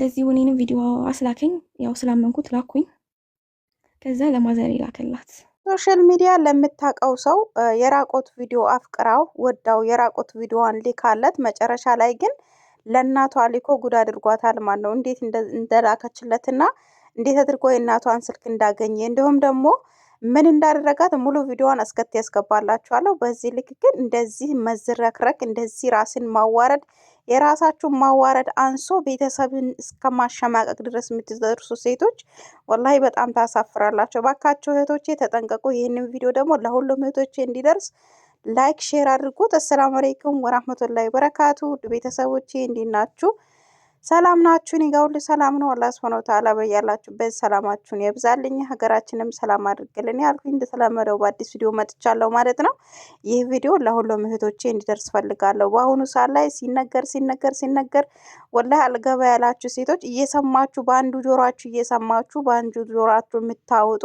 እንደዚህ እኔንም ቪዲዮ አስላከኝ። ያው ስላመንኩት ላኩኝ። ከዛ ለማዘር ይላከላት። ሶሻል ሚዲያ ለምታውቀው ሰው የራቆት ቪዲዮ አፍቅራው ወዳው የራቆት ቪዲዮዋን ሊካለት፣ መጨረሻ ላይ ግን ለእናቷ ሊኮ ጉድ አድርጓታል ማለት ነው። እንዴት እንደላከችለትና እንዴት አድርጎ የእናቷን ስልክ እንዳገኘ እንዲሁም ደግሞ ምን እንዳደረጋት ሙሉ ቪዲዮዋን አስከት ያስገባላችኋለሁ። በዚህ ልክ ግን እንደዚህ መዝረክረክ፣ እንደዚህ ራስን ማዋረድ የራሳችሁን ማዋረድ አንሶ ቤተሰብን እስከ ማሸማቀቅ ድረስ የምትደርሱ ሴቶች ወላሂ በጣም ታሳፍራላቸው። ባካቸው እህቶቼ ተጠንቀቁ። ይህንን ቪዲዮ ደግሞ ለሁሉም እህቶቼ እንዲደርስ ላይክ፣ ሼር አድርጉት። አሰላሙ አለይኩም ወራህመቱላሂ በረካቱ ቤተሰቦቼ እንዲናችሁ ሰላም ናችሁን? እኔ ጋር ሁሉ ሰላም ነው። አላህ ሱብሐነሁ ወተዓላ በያላችሁበት ሰላማችሁን ይብዛልኝ፣ ሀገራችንም ሰላም አድርግልን ያልኩኝ እንደተለመደው በአዲስ ቪዲዮ መጥቻለሁ ማለት ነው። ይህ ቪዲዮ ለሁሉም እህቶቼ እንዲደርስ ፈልጋለሁ። በአሁኑ ሰዓት ላይ ሲነገር ሲነገር ሲነገር ወላሂ አልገባ ያላችሁ ሴቶች እየሰማችሁ በአንዱ ጆሯችሁ እየሰማችሁ በአንዱ ጆሯችሁ የምታወጡ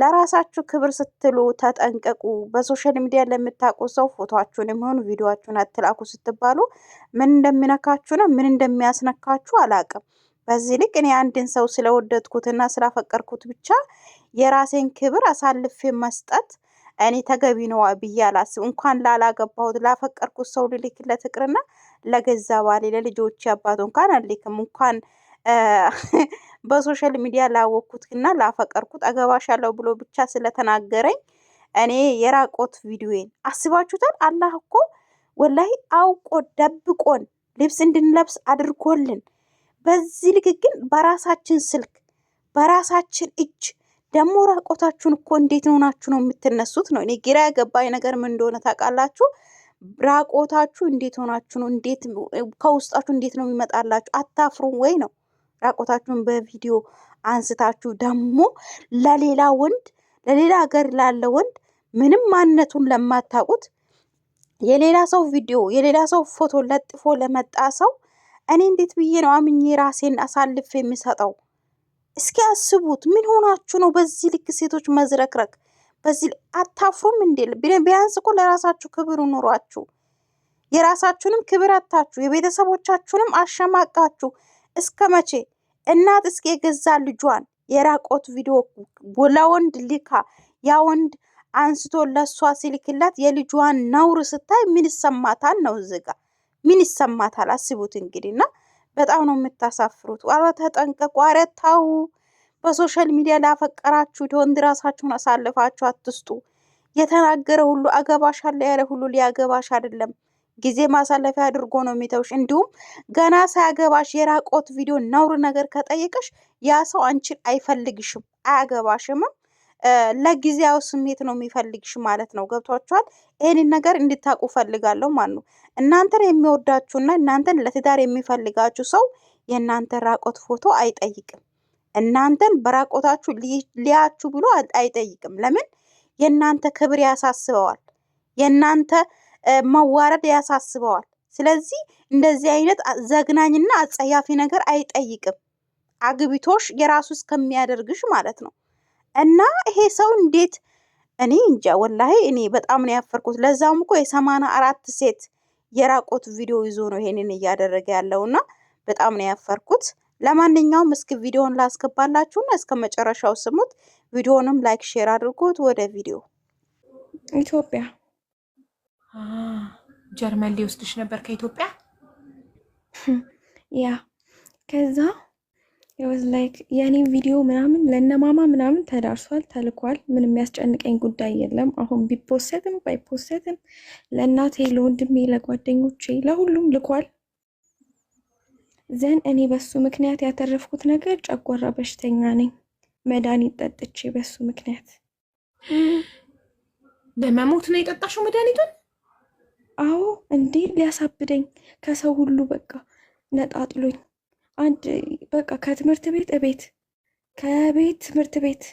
ለራሳችሁ ክብር ስትሉ ተጠንቀቁ። በሶሻል ሚዲያ ለምታውቁ ሰው ፎቶችሁን የሚሆኑ ቪዲዮችሁን አትላኩ ስትባሉ ምን እንደሚነካችሁና ምን እንደሚያስነካችሁ አላቅም። በዚህ ልክ እኔ አንድን ሰው ስለወደድኩትና ስላፈቀርኩት ብቻ የራሴን ክብር አሳልፌ መስጠት እኔ ተገቢ ነው ብዬ አላስብ። እንኳን ላላገባሁት ላፈቀርኩት ሰው ልልክ ለፍቅርና ለገዛ ባሌ ለልጆች አባቱ እንኳን አልልክም እንኳን በሶሻል ሚዲያ እና ላፈቀርኩት አገባሻለሁ ብሎ ብቻ ስለተናገረኝ እኔ የራቆት ቪዲዮዬን አስባችሁታል። አላህ እኮ ወላይ አውቆ ደብቆን ልብስ እንድንለብስ አድርጎልን፣ በዚህ ልክ ግን በራሳችን ስልክ በራሳችን እጅ ደግሞ ራቆታችሁን እኮ እንዴት ሆናችሁ ነው የምትነሱት? ነው እኔ ግራ ያገባኝ ነገር ምን እንደሆነ ታውቃላችሁ? ራቆታችሁ እንዴት ሆናችሁ ነው? እንዴት ከውስጣችሁ እንዴት ነው የሚመጣላችሁ? አታፍሩም ወይ ነው ራቆታችሁን በቪዲዮ አንስታችሁ ደግሞ ለሌላ ወንድ ለሌላ ሀገር ላለ ወንድ ምንም ማንነቱን ለማታውቁት የሌላ ሰው ቪዲዮ የሌላ ሰው ፎቶ ለጥፎ ለመጣ ሰው እኔ እንዴት ብዬ ነው አምኜ ራሴን አሳልፍ የሚሰጠው? እስኪ አስቡት። ምን ሆናችሁ ነው በዚህ ልክ ሴቶች መዝረክረክ? በዚህ አታፍሩም እንዴ? ቢያንስ እኮ ለራሳችሁ ክብር ኑሯችሁ የራሳችሁንም ክብር አታችሁ የቤተሰቦቻችሁንም አሸማቃችሁ እስከ መቼ? እናት እስከ የገዛ ልጇን የራቆት ቪዲዮ ለወንድ ልካ ያ ወንድ አንስቶ ለእሷ ሲልክላት የልጇን ነውር ስታይ ምን ይሰማታል ነው እዚህ ምን ይሰማታል? አስቡት እንግዲህ በጣም ነው የምታሳፍሩት። ኧረ ተጠንቀቁ፣ ኧረ ተው። በሶሻል ሚዲያ ላፈቀራችሁ ወንድ ራሳችሁን አሳልፋችሁ አትስጡ። የተናገረ ሁሉ አገባሽ አለ ያለ ሁሉ ሊያገባሽ አይደለም። ጊዜ ማሳለፊያ አድርጎ ነው የሚተውሽ። እንዲሁም ገና ሳያገባሽ የራቆት ቪዲዮ ነውር ነገር ከጠየቀሽ ያ ሰው አንቺን አይፈልግሽም፣ አያገባሽምም። ለጊዜያዊ ስሜት ነው የሚፈልግሽ ማለት ነው። ገብቷችኋል? ይህንን ነገር እንድታቁ ፈልጋለሁ ማለት ነው። እናንተን የሚወዳችሁና እናንተን ለትዳር የሚፈልጋችሁ ሰው የእናንተን ራቆት ፎቶ አይጠይቅም። እናንተን በራቆታችሁ ሊያችሁ ብሎ አይጠይቅም። ለምን? የእናንተ ክብር ያሳስበዋል። የእናንተ መዋረድ ያሳስበዋል። ስለዚህ እንደዚህ አይነት ዘግናኝና አጸያፊ ነገር አይጠይቅም። አግቢቶሽ የራሱ እስከሚያደርግሽ ማለት ነው። እና ይሄ ሰው እንዴት እኔ እንጃ ወላሂ፣ እኔ በጣም ነው ያፈርኩት። ለዛም እኮ የሰማንያ አራት ሴት የራቆት ቪዲዮ ይዞ ነው ይሄንን እያደረገ ያለውና በጣም ነው ያፈርኩት። ለማንኛውም እስኪ ቪዲዮን ላስገባላችሁና እስከ መጨረሻው ስሙት። ቪዲዮንም ላይክ፣ ሼር አድርጉት። ወደ ቪዲዮ ኢትዮጵያ ጀርመን ሊወስድሽ ነበር ከኢትዮጵያ? ያ ከዛ ወዝ ላይክ የእኔ ቪዲዮ ምናምን ለነማማ ምናምን ተዳርሷል፣ ተልኳል። ምን የሚያስጨንቀኝ ጉዳይ የለም። አሁን ቢፖሰትም ባይፖሰትም ለእናቴ፣ ለወንድሜ፣ ለጓደኞቼ ለሁሉም ልኳል። ዘን እኔ በሱ ምክንያት ያተረፍኩት ነገር ጨጓራ በሽተኛ ነኝ። መድኃኒት ጠጥቼ በሱ ምክንያት ለመሞት ነው የጠጣሽው መድኃኒቱን? አዎ እንዴ ሊያሳብደኝ ከሰው ሁሉ በቃ ነጣጥሎኝ አንድ በቃ ከትምህርት ቤት እቤት ከቤት ትምህርት ቤት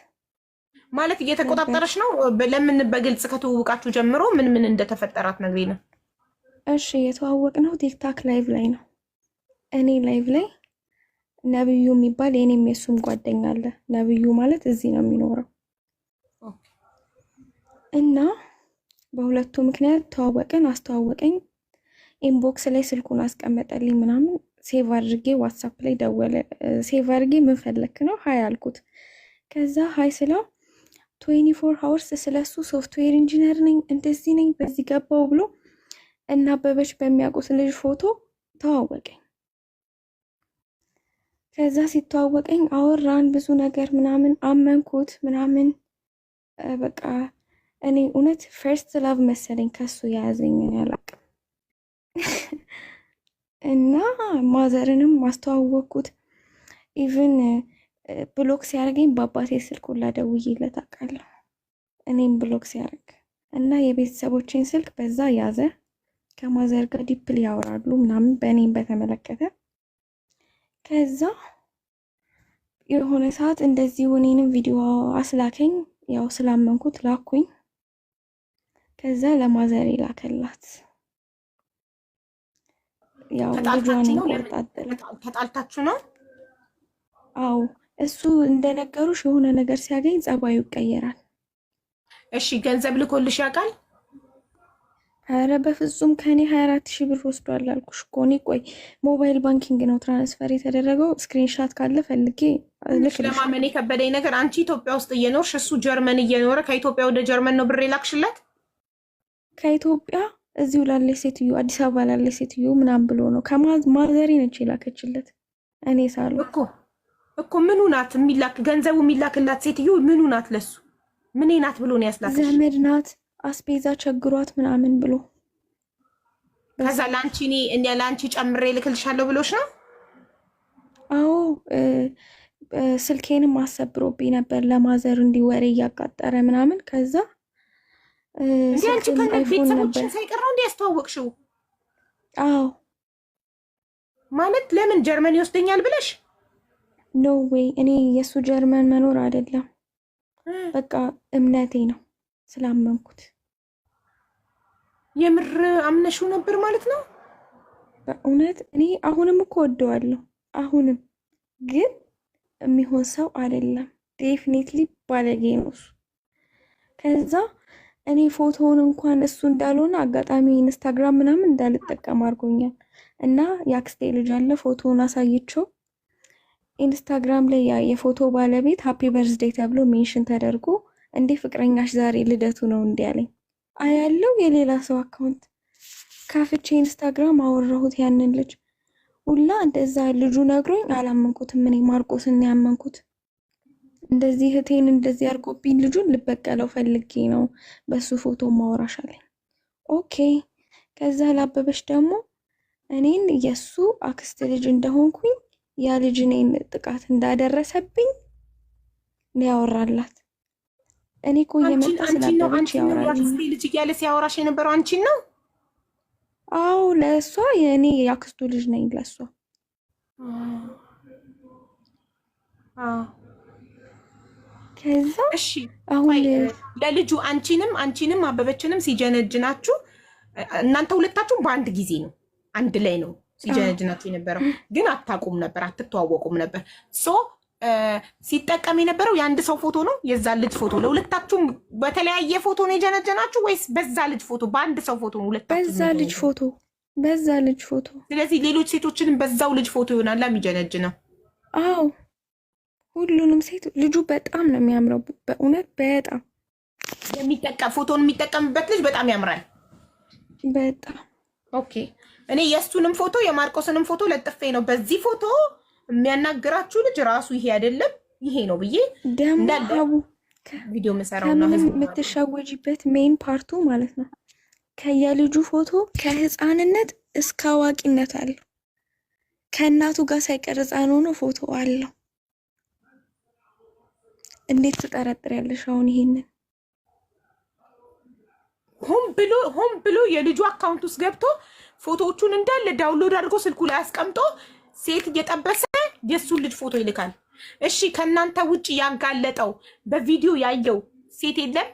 ማለት እየተቆጣጠረች ነው። ለምን በግልጽ ከትውውቃችሁ ጀምሮ ምን ምን እንደተፈጠራት ነግሬ ነው። እሺ የተዋወቅ ነው ቲክታክ ላይቭ ላይ ነው። እኔ ላይቭ ላይ ነብዩ የሚባል የእኔም የሱም ጓደኛ አለ። ነብዩ ማለት እዚህ ነው የሚኖረው እና በሁለቱ ምክንያት ተዋወቅን፣ አስተዋወቀኝ፣ ኢንቦክስ ላይ ስልኩን አስቀመጠልኝ ምናምን። ሴቭ አድርጌ ዋትሳፕ ላይ ደወለ። ሴቭ አድርጌ ምን ፈለክ ነው ሀይ አልኩት። ከዛ ሀይ ስለው ትዌንቲ ፎር ሀውርስ ስለሱ ሶፍትዌር ኢንጂነር ነኝ እንደዚህ ነኝ በዚህ ገባው ብሎ እና አበበች በሚያውቁት ልጅ ፎቶ ተዋወቀኝ። ከዛ ሲተዋወቀኝ አወራን ብዙ ነገር ምናምን አመንኩት ምናምን በቃ እኔ እውነት ፈርስት ላቭ መሰለኝ ከሱ የያዘኝ ያላቅ እና ማዘርንም ማስተዋወቅኩት ኢቨን ብሎክ ሲያደርገኝ በአባቴ ስልክ ሁላ ደውዬለት አውቃለሁ። እኔም ብሎክ ሲያደርግ እና የቤተሰቦችን ስልክ በዛ ያዘ። ከማዘር ጋር ዲፕል ያወራሉ ምናምን በእኔም በተመለከተ ከዛ የሆነ ሰዓት እንደዚህ እኔንም ቪዲዮ አስላከኝ። ያው ስላመንኩት ላኩኝ። ከዛ ለማዘር ይላከላት። ያው ልጇን ተጣልታችሁ ነው? አው እሱ እንደነገሩሽ የሆነ ነገር ሲያገኝ ጸባዩ ይቀየራል። እሺ ገንዘብ ልኮልሽ ያውቃል? አረ በፍጹም ከኔ 24 ሺህ ብር ወስዷል አልኩሽ እኮ እኔ። ቆይ ሞባይል ባንኪንግ ነው ትራንስፈር የተደረገው። ስክሪንሻት ካለ ፈልጌ ልክ። ለማመን የከበደኝ ነገር አንቺ ኢትዮጵያ ውስጥ እየኖርሽ እሱ ጀርመን እየኖረ ከኢትዮጵያ ወደ ጀርመን ነው ብር የላክሽለት? ከኢትዮጵያ እዚሁ ላለች ሴትዮ አዲስ አበባ ላለች ሴትዮ ምናምን ብሎ ነው ከማዘሬ ነች የላከችለት። እኔ ሳሉ እኮ እኮ ምኑ ናት የሚላክ ገንዘቡ የሚላክላት ሴትዮ ምኑ ናት? ለሱ ምን ናት ብሎ ነው ያስላክ። ዘመድ ናት አስቤዛ ቸግሯት ምናምን ብሎ ከዛ ለአንቺ እኔ እኔ ለአንቺ ጨምሬ ልክልሻለሁ ብሎች ነው። አዎ ስልኬንም አሰብሮብኝ ነበር ለማዘር እንዲወሬ እያቃጠረ ምናምን ከዛ እንዴ አንቺ ቤተሰቦችን ሳይቀር ነው እንዴ ያስተዋወቅሽው? አዎ ማለት ለምን ጀርመን ይወስደኛል ብለሽ? ኖ ዌይ እኔ የእሱ ጀርመን መኖር አይደለም፣ በቃ እምነቴ ነው ስላመንኩት። የምር አምነሽው ነበር ማለት ነው? በእውነት እኔ አሁንም እኮ ወደዋለሁ፣ አሁንም ግን የሚሆን ሰው አይደለም። ዴፊኒትሊ ባለጌ ነው እሱ ከዛ እኔ ፎቶውን እንኳን እሱ እንዳልሆነ አጋጣሚ ኢንስታግራም ምናምን እንዳልጠቀም አድርጎኛል። እና የአክስቴ ልጅ አለ ፎቶውን አሳየችው ኢንስታግራም ላይ የፎቶ ባለቤት ሀፒ በርዝዴ ተብሎ ሜንሽን ተደርጎ እንዴ ፍቅረኛሽ ዛሬ ልደቱ ነው እንዲ ያለኝ አያለው። የሌላ ሰው አካውንት ካፍቼ ኢንስታግራም አወራሁት ያንን ልጅ ሁላ እንደዛ ልጁ ነግሮኝ አላመንኩትም። እኔ ማርቆስን ያመንኩት እንደዚህ እህቴን እንደዚህ አድርጎብኝ ልጁን ልበቀለው ፈልጌ ነው በሱ ፎቶ ማውራሽ አለኝ። ኦኬ ከዛ ላበበች ደግሞ እኔን የእሱ አክስት ልጅ እንደሆንኩኝ ያ ልጅ እኔን ጥቃት እንዳደረሰብኝ ያወራላት። እኔ እኮ እየመጣ ስላበበች ያወራል። ልጅ እያለ ሲያወራሽ የነበረው አንቺን ነው? አው ለእሷ የእኔ የአክስቱ ልጅ ነኝ ለእሷ እሺ ለልጁ አንቺንም አንቺንም አበበችንም ሲጀነጅናችሁ እናንተ ሁለታችሁም በአንድ ጊዜ ነው አንድ ላይ ነው ሲጀነጅናችሁ የነበረው፣ ግን አታውቁም ነበር፣ አትተዋወቁም ነበር። ሶ ሲጠቀም የነበረው የአንድ ሰው ፎቶ ነው፣ የዛ ልጅ ፎቶ። ለሁለታችሁም በተለያየ ፎቶ ነው የጀነጀናችሁ ወይስ በዛ ልጅ ፎቶ? በአንድ ሰው ፎቶ ነው ሁለታችሁ? በዛ ልጅ ፎቶ፣ በዛ ልጅ ፎቶ። ስለዚህ ሌሎች ሴቶችንም በዛው ልጅ ፎቶ ይሆናል የሚጀነጅ ነው። አዎ ሁሉንም ሴት ልጁ በጣም ነው የሚያምረው። በእውነት በጣም የሚጠቀም ፎቶን የሚጠቀምበት ልጅ በጣም ያምራል። በጣም ኦኬ። እኔ የእሱንም ፎቶ የማርቆስንም ፎቶ ለጥፌ ነው። በዚህ ፎቶ የሚያናግራችሁ ልጅ ራሱ ይሄ አይደለም ይሄ ነው ብዬ ደሞ ቪዲዮ ምሰራውና የምትሻወጂበት ሜን ፓርቱ ማለት ነው። ከየልጁ ፎቶ ከህፃንነት እስከ አዋቂነት አለው። ከእናቱ ጋር ሳይቀር ህፃን ሆኖ ፎቶ አለው። እንዴት ትጠረጥር አሁን ይሄንን ሆን ብሎ ሆን ብሎ የልጁ አካውንት ውስጥ ገብቶ ፎቶዎቹን እንዳለ ዳውንሎድ አድርጎ ስልኩ ላይ አስቀምጦ ሴት እየጠበሰ የእሱን ልጅ ፎቶ ይልካል። እሺ ከእናንተ ውጭ ያጋለጠው በቪዲዮ ያየው ሴት የለም?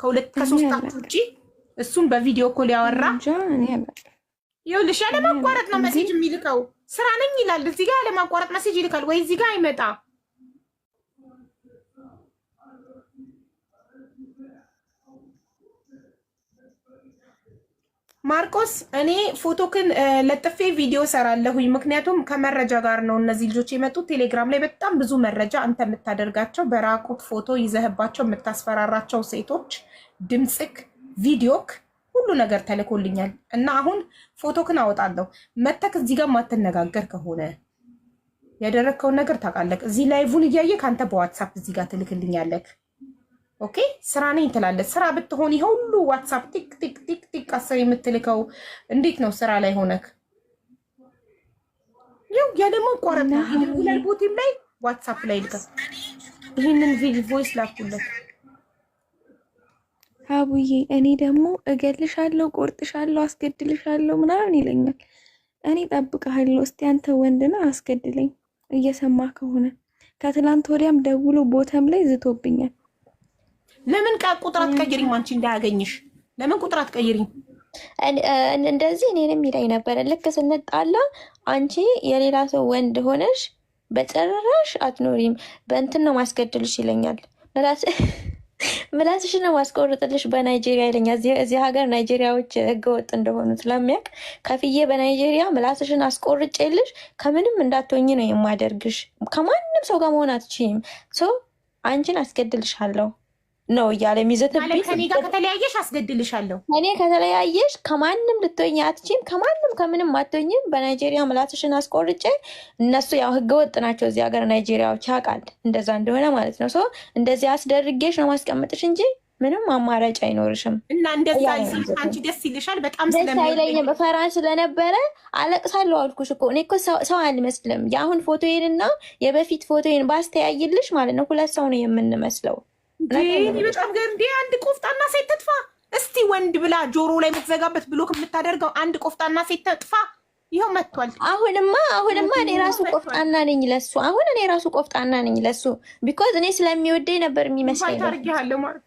ከሁለት ከሶስታችሁ ውጭ እሱን በቪዲዮ ኮል ያወራ ይኸውልሽ፣ ያለማቋረጥ ነው መሴጅ የሚልከው። ስራ ነኝ ይላል እዚህ ጋር ያለማቋረጥ መሴጅ ይልካል ወይ እዚህ ጋር አይመጣ ማርቆስ እኔ ፎቶክን ለጥፌ ቪዲዮ ሰራለሁኝ። ምክንያቱም ከመረጃ ጋር ነው እነዚህ ልጆች የመጡት። ቴሌግራም ላይ በጣም ብዙ መረጃ አንተ የምታደርጋቸው በራቁት ፎቶ ይዘህባቸው የምታስፈራራቸው ሴቶች ድምፅክ፣ ቪዲዮክ ሁሉ ነገር ተልኮልኛል እና አሁን ፎቶክን አወጣለሁ። መተክ እዚህ ጋር ማትነጋገር ከሆነ ያደረግከውን ነገር ታውቃለህ። እዚህ ላይቭን እያየ ከአንተ በዋትሳፕ እዚህ ጋር ትልክልኛለህ። ኦኬ ስራ ነኝ ትላለች። ስራ ብትሆን ይሄ ሁሉ ዋትሳፕ ቲክ ቲክ ቲክ ቲክ አስር የምትልከው እንዴት ነው? ስራ ላይ ሆነክ ያው ያ ደግሞ ቆረጥ ይደውላል። ቦቲም ላይ ዋትሳፕ ላይ ልከ ይህንን ቪዲዮ ቮይስ ላኩለት አቡዬ። እኔ ደግሞ እገልሻለሁ፣ ቆርጥሻለሁ፣ አስገድልሻለሁ ምናምን ይለኛል። እኔ ጠብቀሃለሁ፣ እስቲ አንተ ወንድና አስገድለኝ። እየሰማ ከሆነ ከትላንት ወዲያም ደውሎ ቦተም ላይ ዝቶብኛል። ለምን ቁጥር አትቀይሪም? አንቺ እንዳያገኝሽ ለምን ቁጥር አትቀይሪም? እንደዚህ እኔንም ይለኝ ነበረ። ልክ ስንጣላ አንቺ የሌላ ሰው ወንድ ሆነሽ በጭራሽ አትኖሪም፣ በእንትን ነው ማስገድልሽ ይለኛል። ምላስሽ ነው ማስቆርጥልሽ በናይጄሪያ ይለኛል። እዚህ ሀገር ናይጄሪያዎች ህገወጥ እንደሆኑ ስለሚያውቅ ከፍዬ በናይጄሪያ ምላስሽን አስቆርጬልሽ ከምንም እንዳትሆኝ ነው የማደርግሽ። ከማንም ሰው ጋር መሆን አትችይም። ሰው አንቺን አስገድልሻለሁ ነው እያለ የሚዘትብኝ። ከኔ ጋር ከተለያየሽ አስገድልሻለሁ። እኔ ከተለያየሽ ከማንም ልትወኝ አትችም፣ ከማንም ከምንም አትወኝም። በናይጄሪያ ምላስሽን አስቆርጬ እነሱ ያው ህገ ወጥ ናቸው እዚህ ሀገር ናይጄሪያዎች፣ ያውቃል እንደዛ እንደሆነ ማለት ነው። ሶ እንደዚህ አስደርጌሽ ነው ማስቀምጥሽ እንጂ ምንም አማራጭ አይኖርሽም። እና እንደዛ አንቺ ደስ ይልሻል። በጣም ደስ አይለኝም። ፈራን ስለነበረ አለቅሳለሁ አልኩሽ እኮ። እኔ እኮ ሰው አልመስልም። የአሁን ፎቶዬንና የበፊት ፎቶዬን ባስተያይልሽ ማለት ነው ሁለት ሰው ነው የምንመስለው። ግን በጣም ገር እንዲ አንድ ቆፍጣና ሴት ትጥፋ እስቲ ወንድ ብላ ጆሮ ላይ የምትዘጋበት ብሎክ የምታደርገው አንድ ቆፍጣና ሴት ትጥፋ። ይኸው መጥቷል። አሁንማ አሁንማ እኔ ራሱ ቆፍጣና ነኝ ለሱ። አሁን እኔ ራሱ ቆፍጣና ነኝ ለሱ ቢኮዝ እኔ ስለሚወደኝ ነበር የሚመስለኝ። ታርጊ